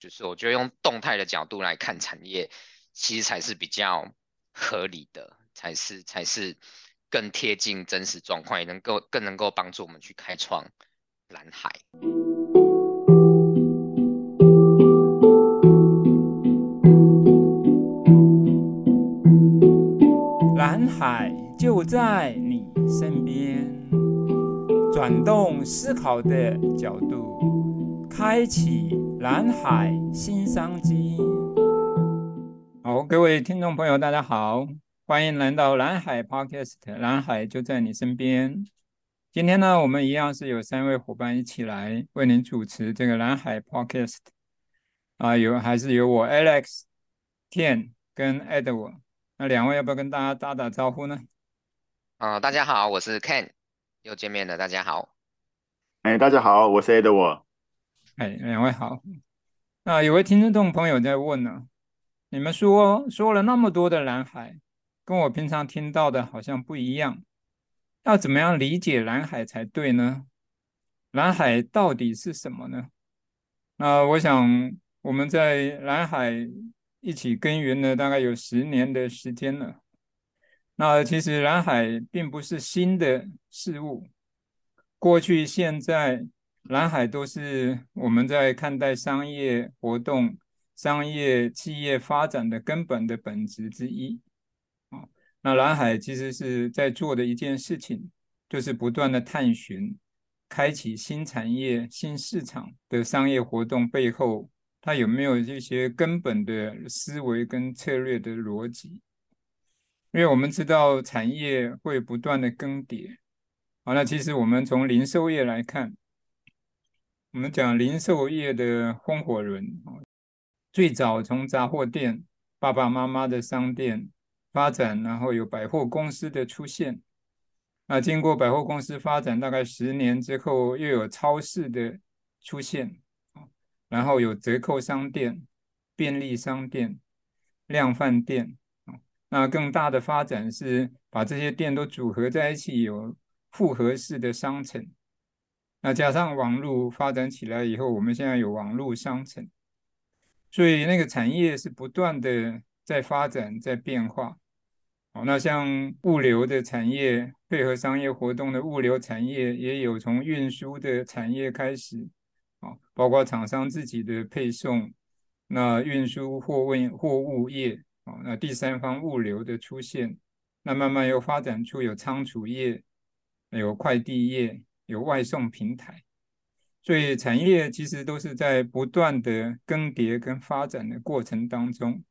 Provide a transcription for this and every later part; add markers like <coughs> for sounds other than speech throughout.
就是我覺得用動態的角度來看產業，其實才是比較合理的，才是才是更貼近真實狀況，也能夠更能夠幫助我們去開創藍海。藍海就在你身邊，轉動思考的角度，開啟。藍海新商機。好，各位聽眾朋友，大家好，歡迎來到藍海 Podcast，藍海就在你身邊。今天呢，我們一樣是有三位夥伴一起來為您主持這個藍海 Podcast。啊，有還是有我 Alex、Ken 跟 Edward，那兩位要不要跟大家打打招呼呢？啊、呃，大家好，我是 Ken，又見面了，大家好。哎、欸，大家好，我是 Edward。哎、hey，兩位好。那有位聽眾朋友在問呢、啊，你們說說了那麼多的藍海，跟我平常聽到的好像不一樣，要怎麼樣理解藍海才對呢？藍海到底是什麼呢？那我想我們在藍海一起耕耘了大概有十年的時間了。那其實藍海並不是新的事物，過去、現在。藍海都是我們在看待商業活動、商業企業發展的根本的本質之一。啊，那藍海其實是在做的一件事情，就是不斷的探尋、開啟新產業、新市場的商業活動背後，它有沒有這些根本的思維跟策略的邏輯？因為我們知道產業會不斷的更迭。啊，那其實我們從零售業來看，我們講零售業的風火輪啊，最早從雜貨店、爸爸媽媽的商店發展，然後有百貨公司的出現。那經過百貨公司發展大概十年之後，又有超市的出現。然後有折扣商店、便利商店、量販店。那更大的發展是把這些店都組合在一起，有複合式的商城。那加上網絡發展起來以後，我們現在有網絡商城，所以那個產業是不斷的在發展、在變化。哦，那像物流的產業配合商業活動的物流產業，也有從運輸的產業開始，啊，包括廠商自己的配送，那運輸貨物、貨物業，啊，那第三方物流的出現，那慢慢又發展出有倉儲業，有快遞業。有外送平台，所以產業其實都是在不斷的更迭跟發展的過程當中。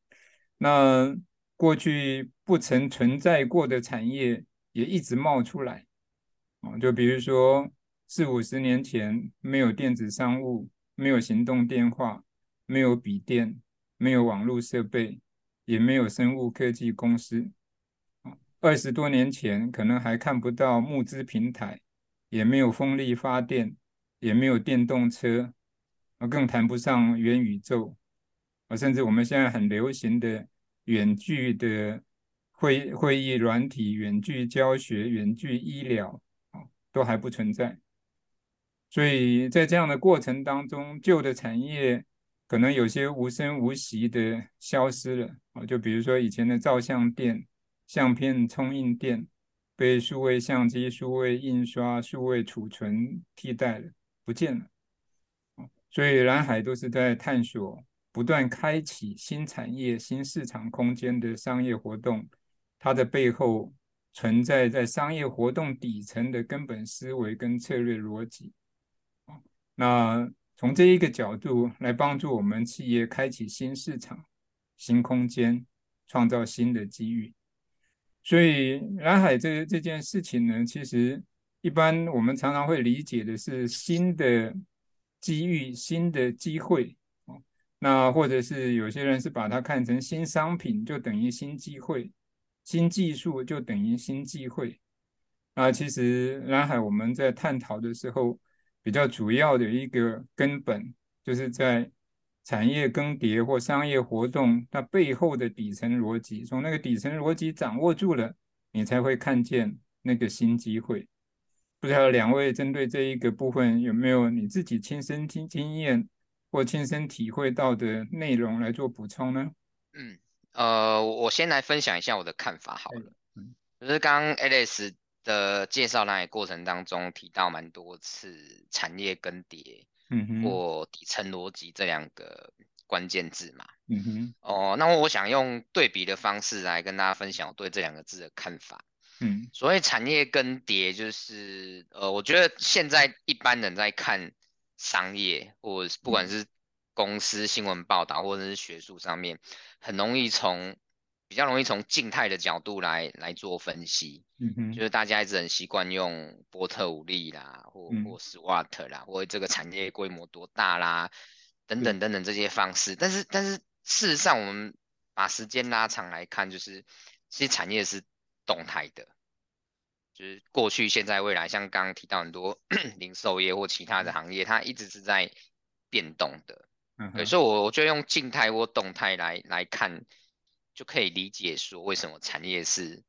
那過去不曾存在過的產業也一直冒出來啊，就比如說四五十年前沒有電子商務，沒有行動電話，沒有筆電，沒有網絡設備，也沒有生物科技公司啊。二十多年前可能還看不到募資平台。也沒有風力發電，也沒有電動車，啊，更談不上元宇宙，啊，甚至我們現在很流行的遠距的會會議軟體、遠距教學、遠距醫療啊，都還不存在。所以在這樣的過程當中，舊的產業可能有些無聲無息的消失了啊，就比如說以前的照相店、相片沖印店。被數位相機、數位印刷、數位儲存替代了，不見了。所以藍海都是在探索、不斷開啟新產業、新市場空間的商業活動。它的背後存在在商業活動底層的根本思維跟策略邏輯。那從這一個角度來幫助我們企業開啟新市場、新空間，創造新的機遇。所以藍海這這件事情呢，其實一般我們常常會理解的是新的機遇、新的機會哦。那或者是有些人是把它看成新商品，就等於新機會；新技術就等於新機會。那，其實藍海我們在探討的時候，比較主要的一個根本就是在。產業更迭或商業活動，它背後的底層邏輯，從那個底層邏輯掌握住了，你才會看見那個新機會。不知道兩位針對這一個部分，有沒有你自己親身經經驗或親身體會到的內容來做補充呢？嗯，呃，我先來分享一下我的看法好了。嗯，就是剛剛 Alice 的介紹呢，過程當中提到蠻多次產業更迭。嗯，或底層邏輯這兩個關鍵字嘛，嗯哼，哦、呃，那我我想用對比的方式來跟大家分享我對這兩個字的看法。嗯，所謂產業更迭，就是呃，我覺得現在一般人在看商業，或不管是公司新聞報道、嗯，或者是學術上面，很容易從。比較容易從靜態的角度來來做分析，嗯，就是大家一直很習慣用波特五力啦，或或 SWOT 啦，嗯，或這個產業規模多大啦、嗯，等等等等這些方式。但是但是事實上，我們把時間拉長來看，就是其實產業是動態的，就是過去、現在、未來，像剛剛提到很多 <coughs> 零售業或其他的行業，嗯，它一直是在變動的。嗯，所以，我我就用靜態或動態來來看。就可以理解說為什麼產業是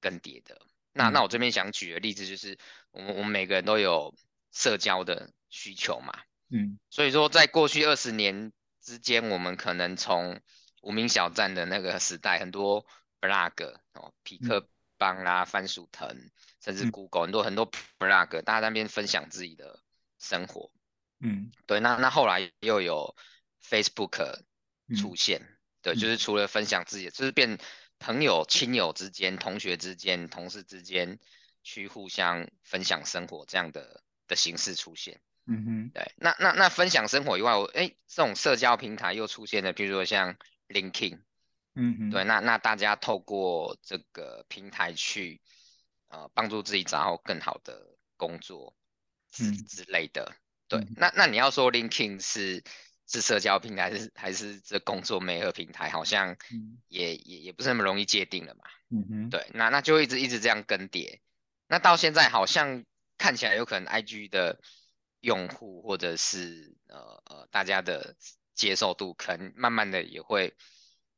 更迭的。嗯、那那我這邊想舉的例子就是，我們我們每個人都有社交的需求嘛，嗯，所以說在過去二十年之間，我們可能從無名小站的那個時代，很多 blog 哦，痞客邦啦、嗯、番薯藤，甚至 Google 很多很多 blog，大家在那邊分享自己的生活，嗯，對，那那後來又有 Facebook 出現。嗯嗯對，就是除了分享自己，嗯、就是變朋友、親友之間、同學之間、同事之間去互相分享生活這樣的的形式出現。嗯對。那那那分享生活以外，我、欸、哎，這種社交平台又出現了，比如說像 LinkedIn 嗯哼，對。那那大家透過這個平台去呃幫助自己找到更好的工作之、嗯、之類的。對。那那你要說 LinkedIn 是。是社交平台，嗯、還是還是這工作媒合平台，好像也、嗯、也也不是那麼容易界定的嘛。嗯對，那那就一直一直這樣更迭。那到現在好像看起來，有可能 I G 的用戶或者是呃呃大家的接受度，可能慢慢的也會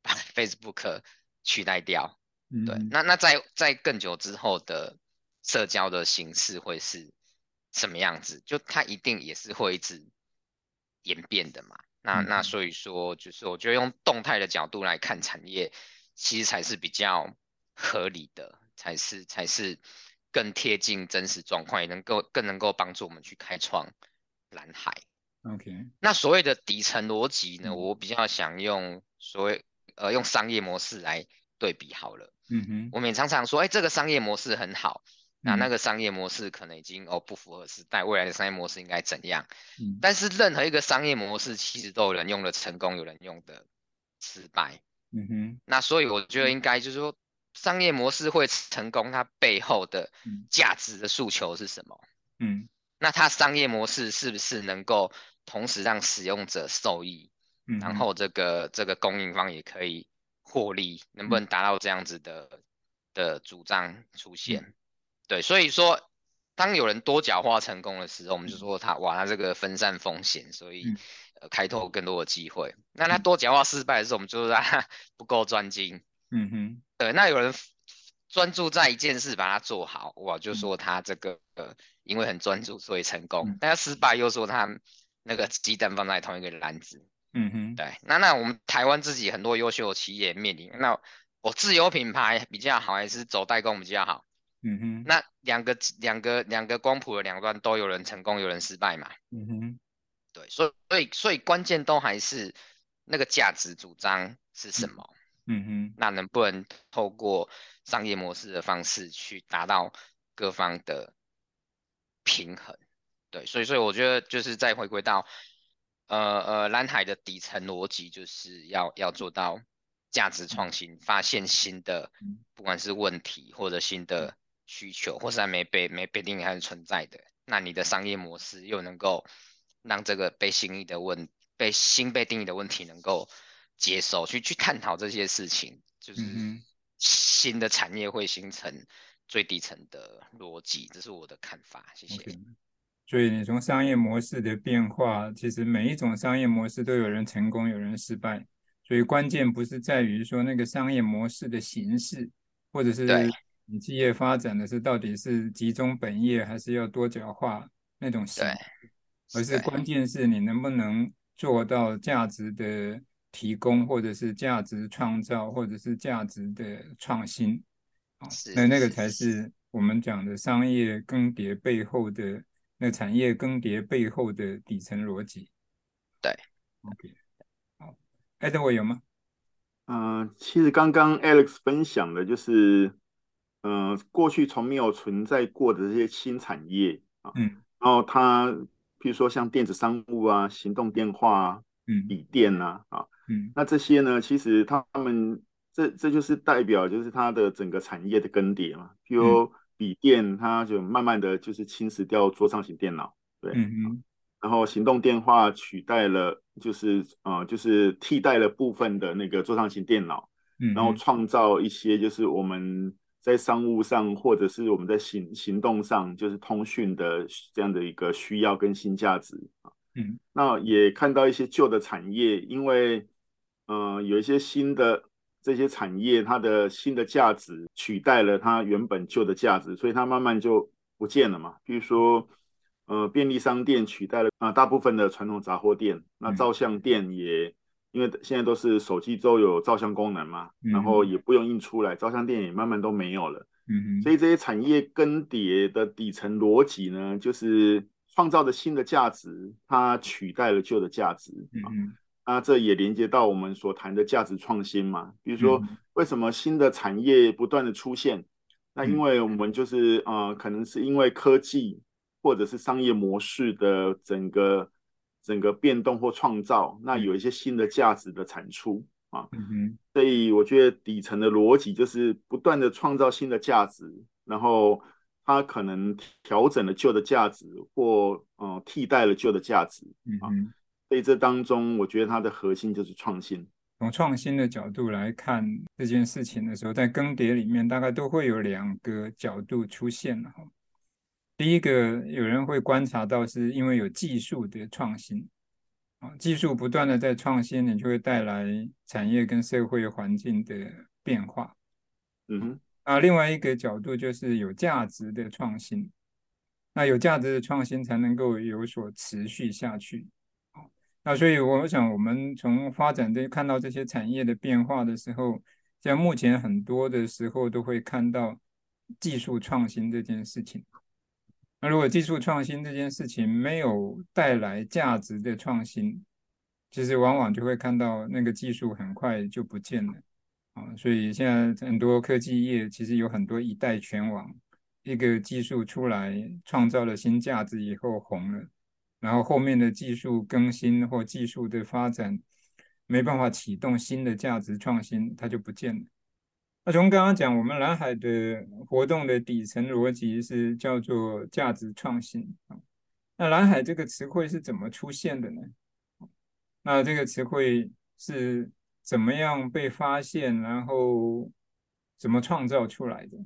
把 Facebook 取代掉。嗯、對，那那在在更久之後的社交的形式會是什麼樣子？就它一定也是會一直演變的嘛，那那所以說，就是我覺得用動態的角度來看產業，其實才是比較合理的，才是才是更貼近真實狀況，也能夠更能夠幫助我們去開創藍海。OK，那所謂的底層邏輯呢，我比較想用所謂呃用商業模式來對比好了。嗯哼，我們也常常說，欸，這個商業模式很好。嗯、那那個商業模式可能已經哦，不符合時代，未來的商業模式應該怎樣？嗯，但是任何一個商業模式其實都有人用的成功，有人用的失敗。嗯哼，那所以我覺得應該就是說、嗯、商業模式會成功，它背後的價值的訴求是什麼？嗯，那它商業模式是不是能夠同時讓使用者受益，嗯、然後這個這個供應方也可以獲利？能不能達到這樣子的、嗯、的主張出現？嗯對，所以說，當有人多角化成功的時候，我們就說他哇，他這個分散風險，所以、嗯呃、開拓更多的機會。那他多角化失敗的時候，我們就說他不夠專精。嗯哼，對。那有人專注在一件事，把它做好，我就說他這個、嗯、因為很專注，所以成功。但他失敗又說他那個雞蛋放在同一個籃子。嗯哼，對。那那我們台灣自己很多優秀企業面臨，那我自有品牌比較好，還是走代工比較好？嗯哼， <noise> 那兩個兩個兩個光譜的兩端都有人成功，有人失敗嘛。嗯哼， <noise> 對，所以所以所以關鍵都還是那個價值主張是什麼？嗯哼， <noise> 那能不能透過商業模式的方式去達到各方的平衡？對，所以所以我覺得就是再回歸到呃呃藍海的底層邏輯，就是要要做到價值創新， <noise> 發現新的， <noise> 不管是問題或者新的，需求或是還沒被沒被定義還是存在的，那你的商業模式又能夠讓這個被新意的問被新被定義的問題能夠接受，去去探討這些事情，就是新的產業會形成最底層的邏輯，這是我的看法。謝謝。Okay. 所以你從商業模式的變化，其實每一種商業模式都有人成功，有人失敗，所以關鍵不是在於說那個商業模式的形式，或者是對。你企業發展的是到底是集中本業還是要多角化那種事，而是關鍵是你能不能做到價值的提供，或者是價值創造，或者是價值的創新。那那個才是我們講的商業更迭背後的那產業更迭背後的底層邏輯。對。Okay, 好 Alex 有嗎？嗯、呃，其實剛剛 Alex 分享的就是嗯、呃，過去從沒有存在過的這些新產業啊，嗯，然後它，譬如說像電子商務啊，行動電話啊，嗯，筆電啊，啊，嗯，那這些呢，其實他們這這就是代表就是它的整個產業的更迭嘛。譬如筆電，它就慢慢的就是侵蝕掉桌上型電腦，對，嗯嗯、然後行動電話取代了，就是啊、呃，就是替代了部分的那個桌上型電腦，嗯，然後創造一些就是我們。在商務上，或者是我們在行行動上，就是通訊的這樣的一個需要跟新價值啊。嗯，那也看到一些舊的產業，因為嗯、呃、有一些新的這些產業，它的新的價值取代了它原本舊的價值，所以它慢慢就不見了嘛。比如說，呃，便利商店取代了啊、呃、大部分的傳統雜貨店，那照相店也、嗯。因為現在都是手機都有照相功能嘛，嗯、然後也不用印出來，照相店也慢慢都沒有了。嗯，所以這些產業更迭的底層邏輯呢，就是創造的新的價值，它取代了舊的價值。嗯、啊，那這也連接到我們所談的價值創新嘛。比如說，嗯、為什麼新的產業不斷的出現？那因為我們就是呃，可能是因為科技或者是商業模式的整個。整個變動或創造，那有一些新的價值的產出啊，嗯哼，所以我覺得底層的邏輯就是不斷的創造新的價值，然後它可能調整了舊的價值或，或、呃、嗯替代了舊的價值啊，嗯哼，所以這當中我覺得它的核心就是創新。從創新的角度來看，這件事情的時候，在更迭裡面大概都會有兩個角度出現哈。第一個，有人會觀察到是因為有技術的創新啊，技術不斷的在創新，你就會帶來產業跟社會環境的變化。嗯哼啊，另外一個角度就是有價值的創新，那有價值的創新才能夠有所持續下去。啊，那所以我想，我們從發展這看到這些產業的變化的時候，像目前很多的時候都會看到技術創新這件事情。那如果技術創新這件事情沒有帶來價值的創新，其實往往就會看到那個技術很快就不見了啊。所以現在很多科技業其實有很多一代拳王，一個技術出來創造了新價值以後紅了，然後後面的技術更新或技術的發展沒辦法啟動新的價值創新，它就不見了。那、啊、從剛剛講，我們藍海的活動的底層邏輯是叫做價值創新。那藍海這個詞彙是怎麼出現的呢？那這個詞彙是怎麼樣被發現，然後怎麼創造出來的？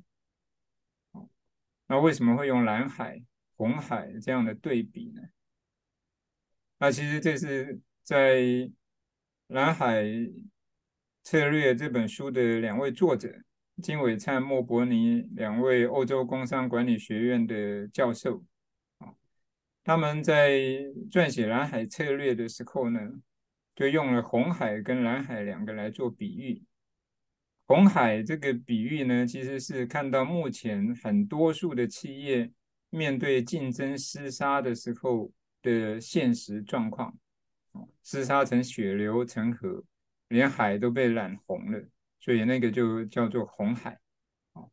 那為什麼會用藍海、紅海這樣的對比呢？那其實這是在藍海。《策略》這本書的兩位作者金偉燦、莫伯尼，兩位歐洲工商管理學院的教授，啊，他們在撰寫藍海策略的時候呢，就用了紅海跟藍海兩個來做比喻。紅海這個比喻呢，其實是看到目前很多數的企業面對競爭厮殺的時候的現實狀況，啊，厮殺成血流成河。連海都被染紅了，所以那個就叫做紅海。哦，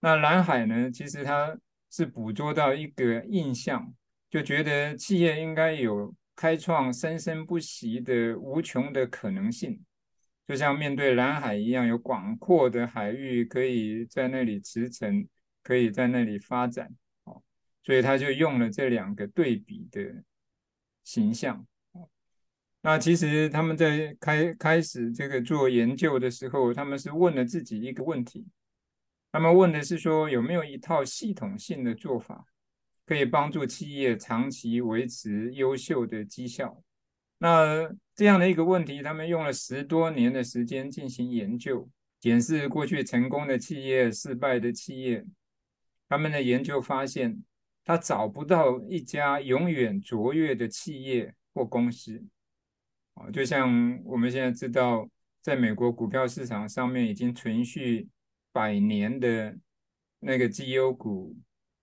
那藍海呢？其實它是捕捉到一個印象，就覺得企業應該有開創生生不息的無窮的可能性，就像面對藍海一樣，有廣闊的海域可以在那裡馳騁，可以在那裡發展。哦，所以他就用了這兩個對比的形象。那其實他們在開開始這個做研究的時候，他們是問了自己一個問題，他們問的是說有沒有一套系統性的做法，可以幫助企業長期維持優秀的績效。那這樣的一個問題，他們用了十多年的時間進行研究，檢視過去成功的企業、失敗的企業，他們的研究發現，他找不到一家永遠卓越的企業或公司。就像我們現在知道，在美國股票市場上面已經存續百年的那個績優股、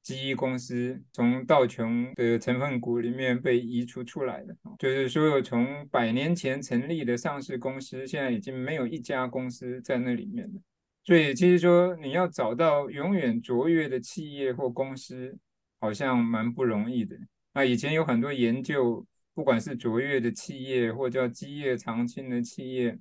績優公司，從道瓊的成分股裡面被移除出來的，就是所有從百年前成立的上市公司，現在已經沒有一家公司在那裡面了。所以，其實說你要找到永遠卓越的企業或公司，好像蠻不容易的。那以前有很多研究。不管是卓越的企業或叫基業長青的企業，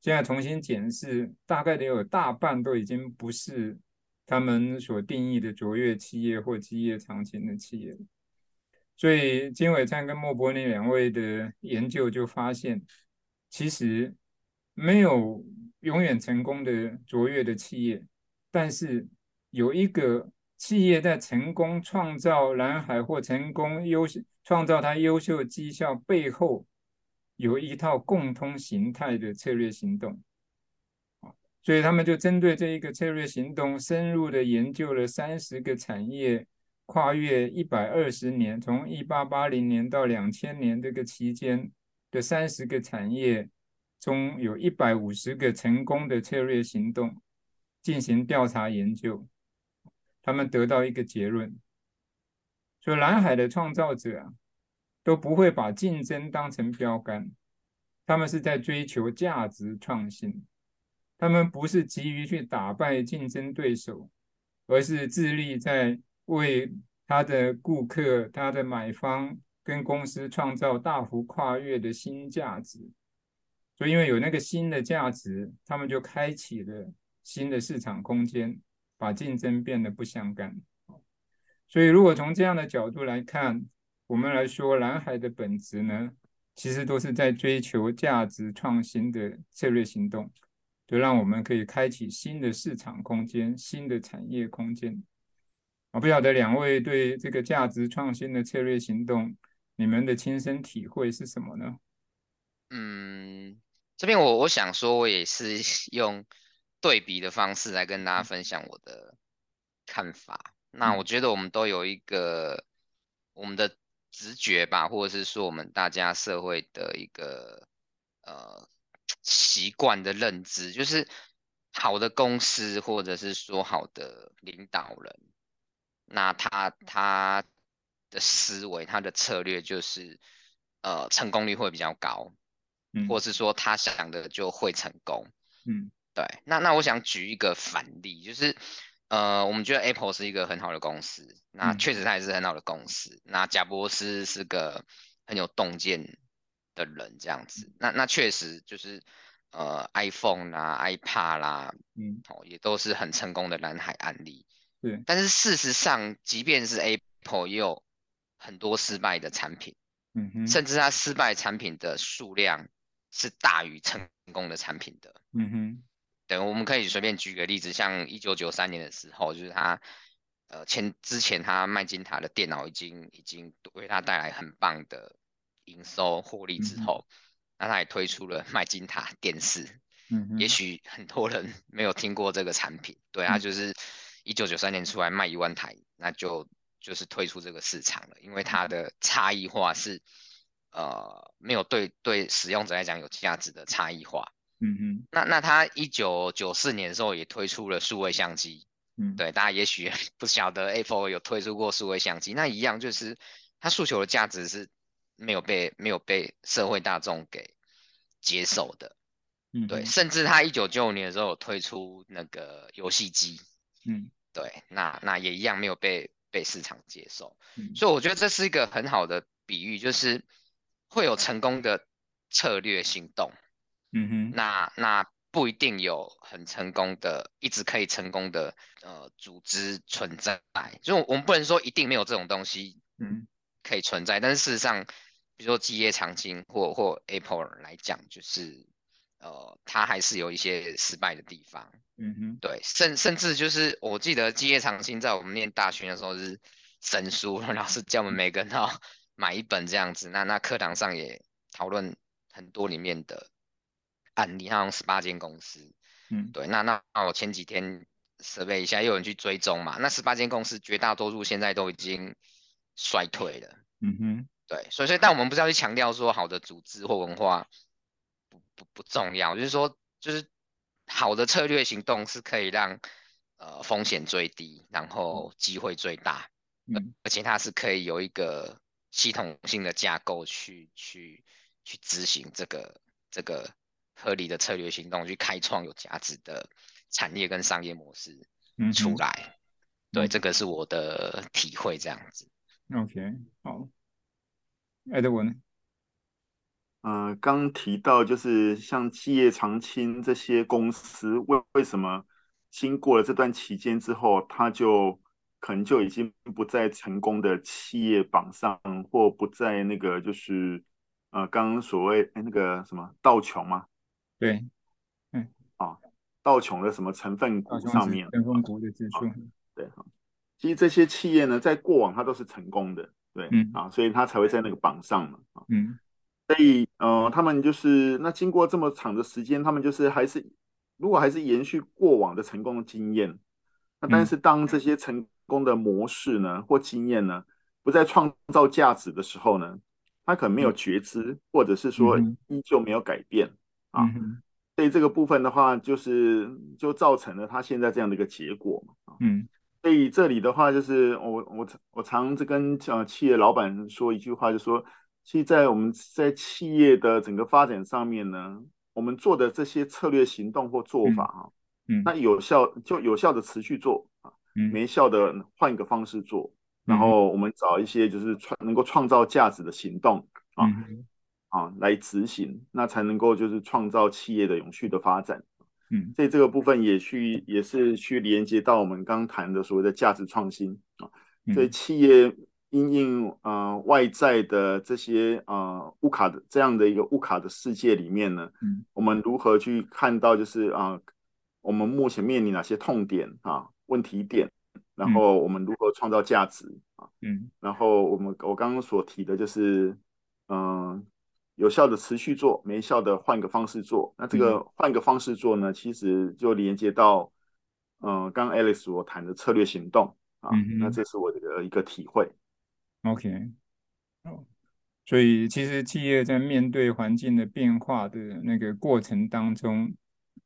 現在重新檢視，大概得有大半都已經不是他們所定義的卓越企業或基業長青的企業。所以金偉燦跟莫伯尼兩位的研究就發現，其實沒有永遠成功的卓越的企業，但是有一個企業在成功創造藍海或成功優創造他優秀績效背後有一套共通形態的策略行動，所以他們就針對這一個策略行動，深入的研究了三十個產業，跨越一百二十年，從一八八零年到兩千年這個期間的三十個產業中，有一百五十個成功的策略行動進行調查研究，他們得到一個結論。所以，藍海的創造者都不會把競爭當成標桿，他們是在追求價值創新。他們不是急於去打敗競爭對手，而是致力在為他的顧客、他的買方跟公司創造大幅跨越的新價值。所以，因為有那個新的價值，他們就開啟了新的市場空間，把競爭變得不相干。所以，如果從這樣的角度來看，我們來說藍海的本質呢，其實都是在追求價值創新的策略行動，就讓我們可以開啟新的市場空間、新的產業空間。我不曉得兩位對這個價值創新的策略行動，你們的親身體會是什麼呢？嗯，這邊我我想說，我也是用對比的方式來跟大家分享我的看法。那我覺得我們都有一個、嗯、我們的直覺吧，或者是說我們大家社會的一個呃習慣的認知，就是好的公司或者是說好的領導人，那他他的思維他的策略就是呃成功率會比較高，或是說他想的就會成功。嗯，對。那那我想舉一個反例，就是。呃，我們覺得 Apple 是一個很好的公司，那確實它也是很好的公司。嗯、那賈伯斯是個很有洞見的人，這樣子。那那確實就是，呃，iPhone 啊，iPad 啦，嗯、哦，也都是很成功的藍海案例。對。但是事實上，即便是 Apple，也有很多失敗的產品。嗯哼。甚至它失敗產品的數量是大於成功的產品的。嗯哼。等，我們可以隨便舉個例子，像一九九三年的時候，就是他，呃，前之前他麥金塔的電腦已經已經為他帶來很棒的營收獲利之後，嗯、那他也推出了麥金塔電視。嗯，也許很多人沒有聽過這個產品，對，他就是一九九三年出來賣一萬台，那就就是退出這個市場了，因為它的差異化是，呃，沒有對對使用者來講有價值的差異化。嗯嗯，那那他一九九四年的時候也推出了數位相機，嗯，對，大家也許不曉得 Apple 有推出過數位相機，那一樣就是他訴求的價值是沒有被沒有被社會大眾給接受的，嗯，對，甚至他一九九五年的時候有推出那個遊戲機，嗯，對，那那也一樣沒有被被市場接受。嗯，所以我覺得這是一個很好的比喻，就是會有成功的策略行動。嗯、mm、哼 -hmm.，那那不一定有很成功的，一直可以成功的呃組織存在，所以，我們不能說一定沒有這種東西，嗯，可以存在。Mm -hmm. 但是事實上，比如說基業長青或或 Apple 來講，就是呃，它還是有一些失敗的地方。嗯哼，對，甚甚至就是我記得基業長青在我們念大學的時候是神書，老師叫我們每個人要買一本這樣子。那那課堂上也討論很多裡面的。案例他們十八間公司，嗯，對，那那我前幾天 survey 一下，又有人去追蹤嘛。那十八間公司絕大多數現在都已經衰退了，嗯哼，對，所以說但我們不是要去強調說好的組織或文化不不不重要，就是說就是好的策略行動是可以讓呃風險最低，然後機會最大，嗯，而且它是可以有一個系統性的架構去去去執行這個這個。合理的策略行動去開創有價值的產業跟商業模式出來，嗯，嗯，對，嗯嗯這個是我的體會，這樣子。OK，好，Edwin 呢？嗯，剛、呃、提到就是像企業長青這些公司，為為什麼經過了這段期間之後，他就可能就已經不在成功的企業榜上，或不在那個就是呃，剛剛所謂那個什麼道瓊嘛？對，嗯啊，道瓊的什麼成分股上面，成分股的技術，對哈，其實這些企業呢，在過往它都是成功的，對，嗯啊，所以它才會在那個榜上嘛，啊、嗯，所以呃，他們就是那經過這麼長的時間，他們就是還是如果還是延續過往的成功的經驗，那但是當這些成功的模式呢或經驗呢不再創造價值的時候呢，他可能沒有覺知，嗯、或者是說依舊沒有改變。嗯嗯對、啊、這個部分的話，就是就造成了他現在這樣的一個結果嘛，嗯，所以這裡的話，就是我我我常在跟呃企業老闆說一句話，就是說，其實在我們在企業的整個發展上面呢，我們做的這些策略行動或做法啊，嗯，嗯那有效就有效的持續做、啊嗯、沒效的換一個方式做，嗯、然後我們找一些就是創能夠創造價值的行動啊。嗯嗯嗯啊，來執行，那才能夠就是創造企業的永續的發展。嗯，所以這個部分也去也是去連接到我們剛談的所謂的價值創新啊。嗯、所以企業因應應啊、呃、外在的這些啊烏、呃、卡的這樣的一個烏卡的世界裡面呢，嗯，我們如何去看到就是啊、呃、我們目前面臨哪些痛點啊問題點，然後我們如何創造價值啊？嗯啊，然後我們我剛剛所提的就是。有效的持續做，沒效的換個方式做。那這個換個方式做呢，嗯、其實就連接到，嗯、呃，剛剛 Alex 我談的策略行動啊、嗯。那這是我的一個體會。OK。哦。所以其實企業在面對環境的變化的那個過程當中，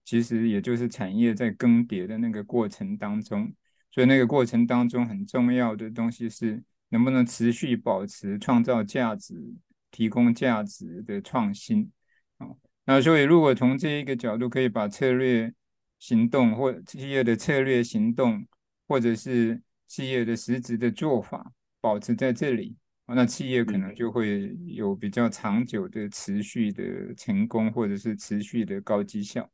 其實也就是產業在更迭的那個過程當中。所以那個過程當中很重要的東西是，能不能持續保持創造價值。提供價值的創新啊，那所以如果從這一個角度，可以把策略行動或企業的策略行動，或者是企業的實質的做法保持在這裡。那企業可能就會有比較長久的持續的成功，或者是持續的高績效。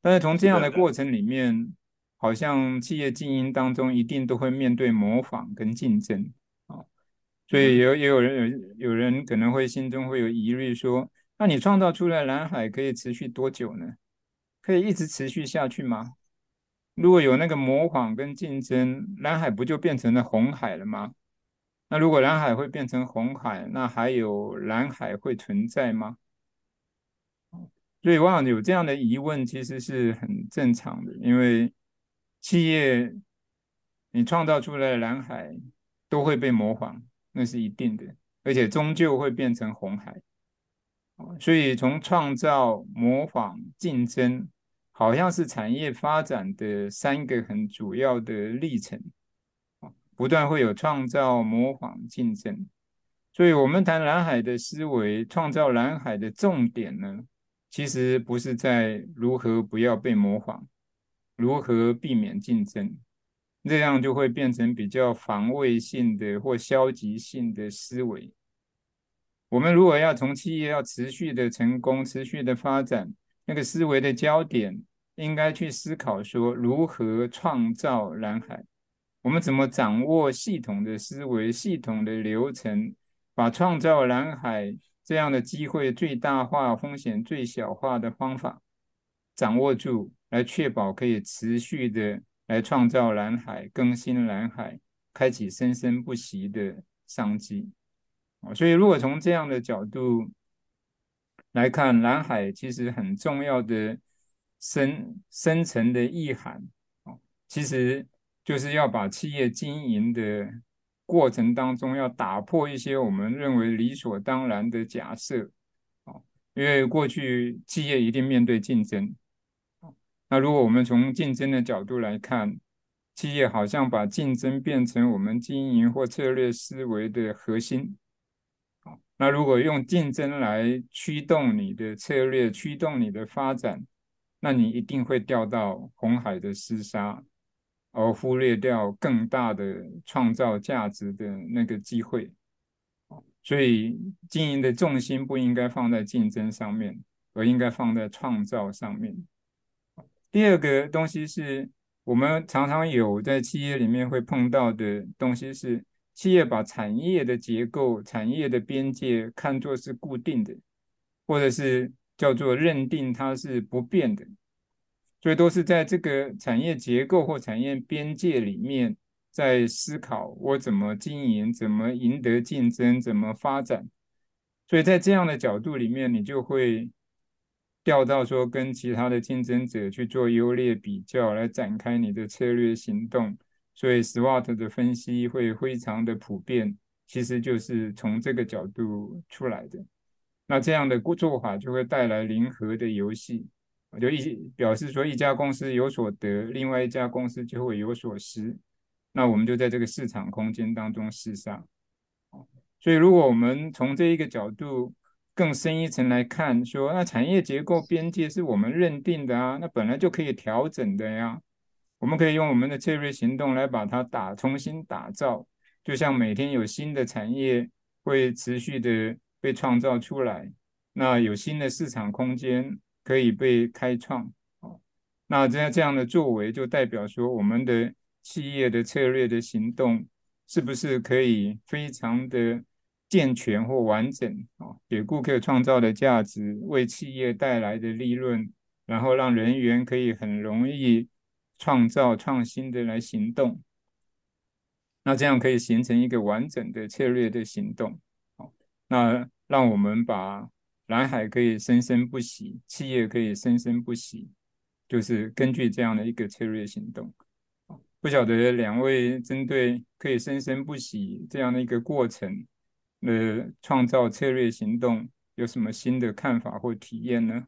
但是從這樣的過程裡面，好像企業經營當中一定都會面對模仿跟競爭。所以有，也有人有，有人可能會心中會有疑慮說，那你創造出來的藍海可以持續多久呢？可以一直持續下去嗎？如果有那個模仿跟競爭，藍海不就變成了紅海了嗎？那如果藍海會變成紅海，那還有藍海會存在嗎？所以我想有這樣的疑問，其實是很正常的，因為企業你創造出來的藍海都會被模仿。那是一定的，而且終究會變成紅海。所以從創造、模仿、競爭，好像是產業發展的三個很主要的歷程。不斷會有創造、模仿、競爭。所以我們談藍海的思維，創造藍海的重點呢，其實不是在如何不要被模仿，如何避免競爭。這樣就會變成比較防衛性的或消極性的思維。我們如果要從企業要持續的成功、持續的發展，那個思維的焦點應該去思考說，如何創造藍海。我們怎麼掌握系統的思維、系統的流程，把創造藍海這樣的機會最大化、風險最小化的方法掌握住，來確保可以持續的。來創造藍海，更新藍海，開啟生生不息的商機啊！所以，如果從這樣的角度來看，藍海其實很重要的深深層的意涵啊，其實就是要把企業經營的過程當中，要打破一些我們認為理所當然的假設啊，因為過去企業一定面對競爭。那如果我們從競爭的角度來看，企業好像把競爭變成我們經營或策略思維的核心。那如果用競爭來驅動你的策略，驅動你的發展，那你一定會掉到紅海的廝殺，而忽略掉更大的創造價值的那個機會。所以，經營的重心不應該放在競爭上面，而應該放在創造上面。第二個東西是我們常常有在企業裡面會碰到的東西，是企業把產業的結構、產業的邊界看作是固定的，或者是叫做認定它是不變的，所以都是在這個產業結構或產業邊界裡面在思考我怎麼經營、怎麼贏得競爭、怎麼發展。所以在這樣的角度裡面，你就會，調到說跟其他的競爭者去做優劣比較，來展開你的策略行動，所以 SWOT 的分析會非常的普遍，其實就是從這個角度出來的。那這樣的做法就會帶來零和的遊戲，就一表示說一家公司有所得，另外一家公司就會有所失。那我們就在這個市場空間當中廝殺。所以如果我們從這一個角度。更深一層來看說，說那產業結構邊界是我們認定的啊，那本來就可以調整的呀。我們可以用我們的策略行動來把它打重新打造，就像每天有新的產業會持續的被創造出來，那有新的市場空間可以被開創啊。那這樣這樣的作為，就代表說我們的企業的策略的行動是不是可以非常的？健全或完整啊，給顧客創造的價值，為企業帶來的利潤，然後讓人員可以很容易創造創新的來行動，那這樣可以形成一個完整的策略的行動。好，那讓我們把藍海可以生生不息，企業可以生生不息，就是根據這樣的一個策略行動。不曉得兩位針對可以生生不息這樣的一個過程，呃，創造策略行動有什麼新的看法或體驗呢？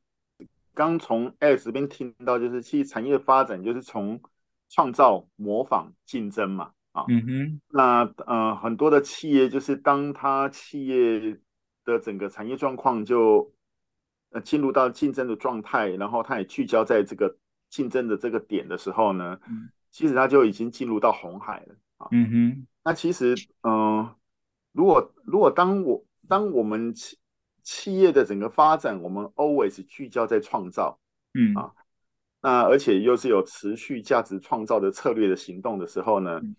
剛從 Alex 這邊聽到，就是其實產業發展就是從創造、模仿、競爭嘛，啊，嗯哼，那呃，很多的企業就是當它企業的整個產業狀況就呃進入到競爭的狀態，然後它也聚焦在這個競爭的這個點的時候呢，嗯、其實它就已經進入到紅海了，啊，嗯哼，那其實，嗯、呃。如果如果當我當我們企企業的整個發展，我們 always 聚焦在創造，嗯啊，那而且又是有持續價值創造的策略的行動的時候呢，嗯、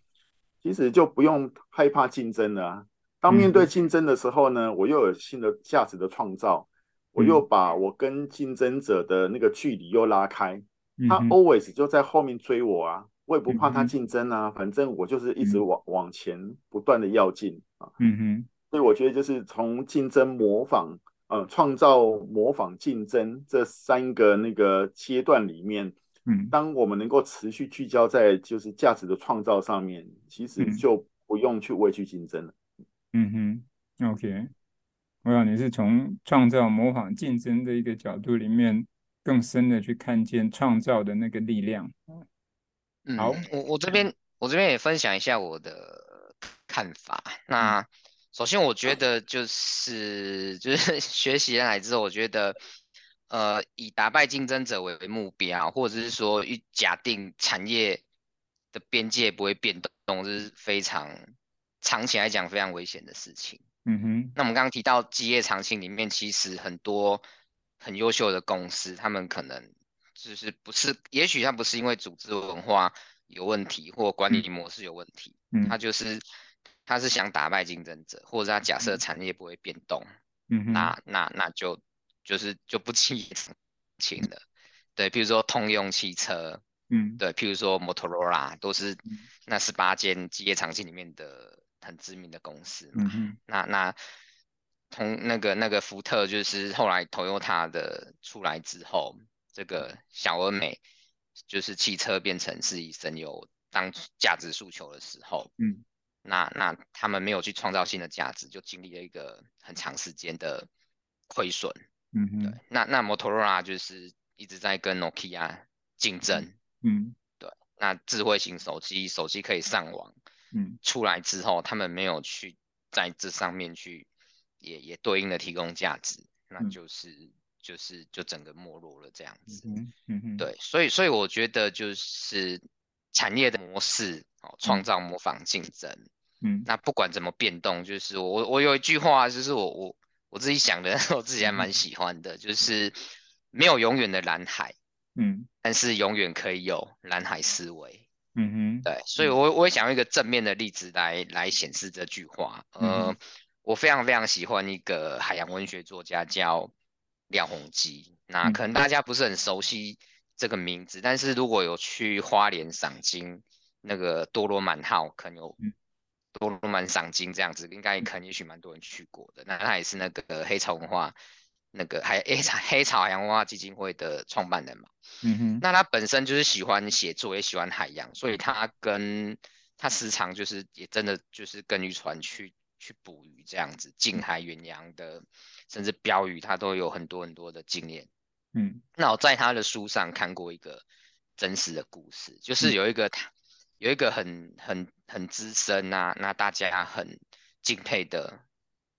其實就不用害怕競爭了、啊。當面對競爭的時候呢，嗯、我又有新的價值的創造、嗯，我又把我跟競爭者的那個距離又拉開，嗯、他 always 就在後面追我啊。我也不怕它競爭啊、嗯，反正我就是一直往往前不斷的要進啊。嗯哼，所以我覺得就是從競爭、模仿、呃、創造、模仿、競爭這三個那個階段裡面，嗯，當我們能夠持續聚焦在就是價值的創造上面，其實就不用去畏懼競爭了。嗯哼，OK。我想你是從創造、模仿、競爭的一個角度裡面，更深的去看見創造的那個力量。嗯、好，我我這邊、嗯、我這邊也分享一下我的看法。那、嗯、首先，我覺得就是就是學習了來之後，我覺得呃以打敗競爭者為目標，或者是說與假定產業的邊界不會變動，這、就是非常長期來講非常危險的事情。嗯哼。那我們剛剛提到基業長青裡面，其實很多很優秀的公司，他們可能。就是不是？也許他不是因為組織文化有問題或管理模式有問題，他、嗯、就是他是想打敗競爭者，或者他假設產業不會變動。嗯，那那那就就是就不起勁了、嗯。對，比如說通用汽車，嗯，對，譬如說摩托羅拉，都是那十八間基業長青裡面的很知名的公司嘛。嗯哼，那那同那個那個福特就是後來 Toyota 的出來之後，這個小而美，就是汽車變成是以燃油當價值訴求的時候，嗯，那那他們沒有去創造新的價值，就經歷了一個很長時間的虧損，嗯哼，對，那那 Motorola 就是一直在跟 Nokia 競爭，嗯，對，那智慧型手機，手機可以上網，嗯，出來之後，他們沒有去在這上面去也也對應的提供價值，那就是。嗯就是就整個沒落了這樣子，嗯哼，嗯哼，對，所以所以我覺得就是產業的模式哦，創造、模仿、競爭，嗯，那不管怎麼變動，就是我我有一句話，就是我我我自己想的，我自己還蠻喜歡的，就是沒有永遠的藍海，嗯，但是永遠可以有藍海思維，嗯哼，對，所以我，我我也想用一個正面的例子來來顯示這句話，呃、嗯。我非常非常喜歡一個海洋文學作家叫。廖鴻基，那可能大家不是很熟悉這個名字，嗯、但是如果有去花蓮賞鯨，那個多羅滿號，可能有、嗯、多羅滿賞鯨這樣子，應該可能也許蠻多人去過的。那他也是那個黑潮文化，那個還黑潮黑潮海洋文化基金會的創辦人嘛。嗯哼，那他本身就是喜歡寫作，也喜歡海洋，所以他跟他時常就是也真的就是跟漁船去。去捕魚這樣子，近海遠洋的、嗯，甚至鏢魚他都有很多很多的經驗。嗯，那我在他的書上看過一個真實的故事，就是有一個他、嗯、有一個很很很資深啊，那大家很敬佩的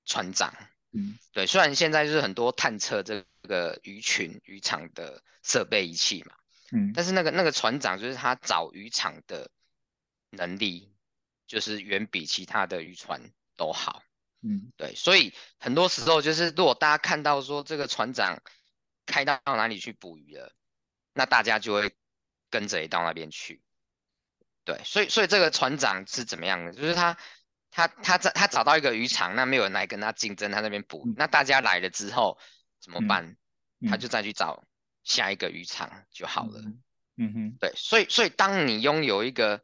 船長。嗯，對，雖然現在就是很多探測這個魚群漁場的設備儀器嘛，嗯，但是那個那個船長就是他找漁場的能力，就是遠比其他的漁船都好，嗯，對，所以很多時候就是，如果大家看到說這個船長開到哪裡去捕魚了，那大家就會跟着也到那邊去，對，所以所以這個船長是怎麼樣的？就是他他他在他找到一個漁場，那沒有人來跟他競爭，他那邊捕，嗯，那大家來了之後怎麼辦？嗯，嗯，他就再去找下一個漁場就好了，嗯，嗯哼，對，所以所以當你擁有一個。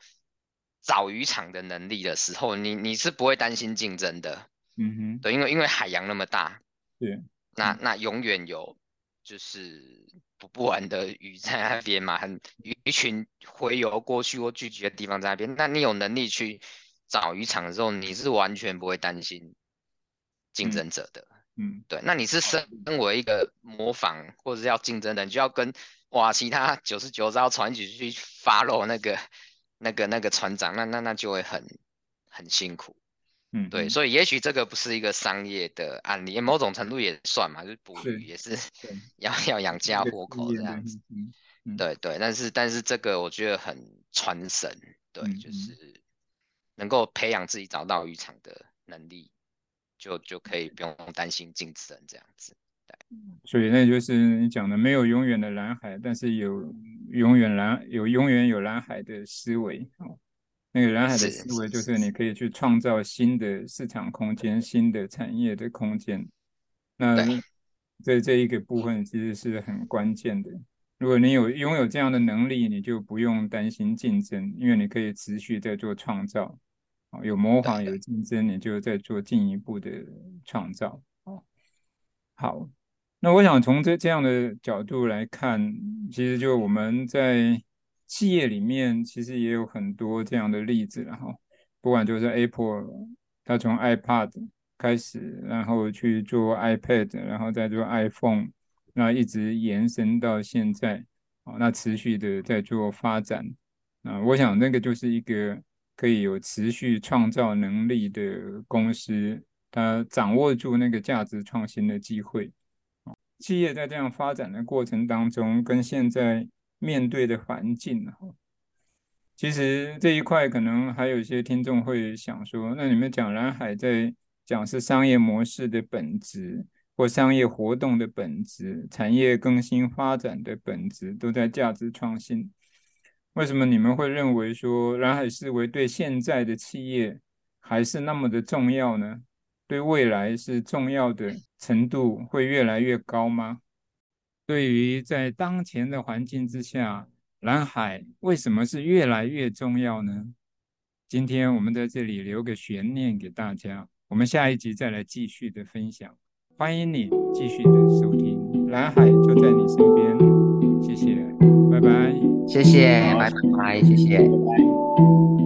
找漁場的能力的時候，你你是不會擔心競爭的，嗯哼，對，因為因為海洋那麼大，對，那那永遠有就是捕不完的魚在那邊嘛，很，魚群回游過去或聚集的地方在那邊，那你有能力去找漁場的時候，你是完全不會擔心競爭者的，嗯，嗯對，那你是身為一個模仿、嗯、或者是要競爭的人，你就要跟哇其他九十九艘船一起去 follow 那個。那個那個船長，那那那就會很很辛苦，嗯，嗯，對，所以也許這個不是一個商業的案例，某種程度也算嘛，嗯嗯就是捕魚也是，是 <laughs> 要要養家糊口這樣子，嗯、對對，但是但是這個我覺得很傳神，對，嗯嗯就是能夠培養自己找到漁場的能力，就就可以不用擔心競爭這樣子。所以那就是你講的，沒有永遠的藍海，但是有永遠藍，有永遠有藍海的思維啊。那個藍海的思維就是你可以去創造新的市場空間、新的產業的空間。那在這一個部分其實是很關鍵的。如果你有擁有這樣的能力，你就不用擔心競爭，因為你可以持續在做創造啊。有模仿，有競爭，你就在做進一步的創造啊。好。那我想從這這樣的角度來看，其實就我們在企業裡面，其實也有很多這樣的例子。然後，不管就是 Apple，它從 iPad 開始，然後去做 iPad，然後再做 iPhone，那一直延伸到現在，啊、哦，那持續的在做發展。啊，我想那個就是一個可以有持續創造能力的公司，它掌握住那個價值創新的機會。企業在這樣發展的過程當中，跟現在面對的環境，哈，其實這一塊可能還有一些聽眾會想說：那你們講藍海，在講是商業模式的本質，或商業活動的本質，產業更新發展的本質，都在價值創新。為什麼你們會認為說藍海思維對現在的企業還是那麼的重要呢？對未來是重要的程度會越來越高嗎？對於在當前的環境之下，藍海為什麼是越來越重要呢？今天我們在這裡留個懸念給大家，我們下一集再來繼續的分享。歡迎你繼續的收聽，藍海就在你身邊。謝謝，拜拜。謝謝，拜拜。謝謝，拜拜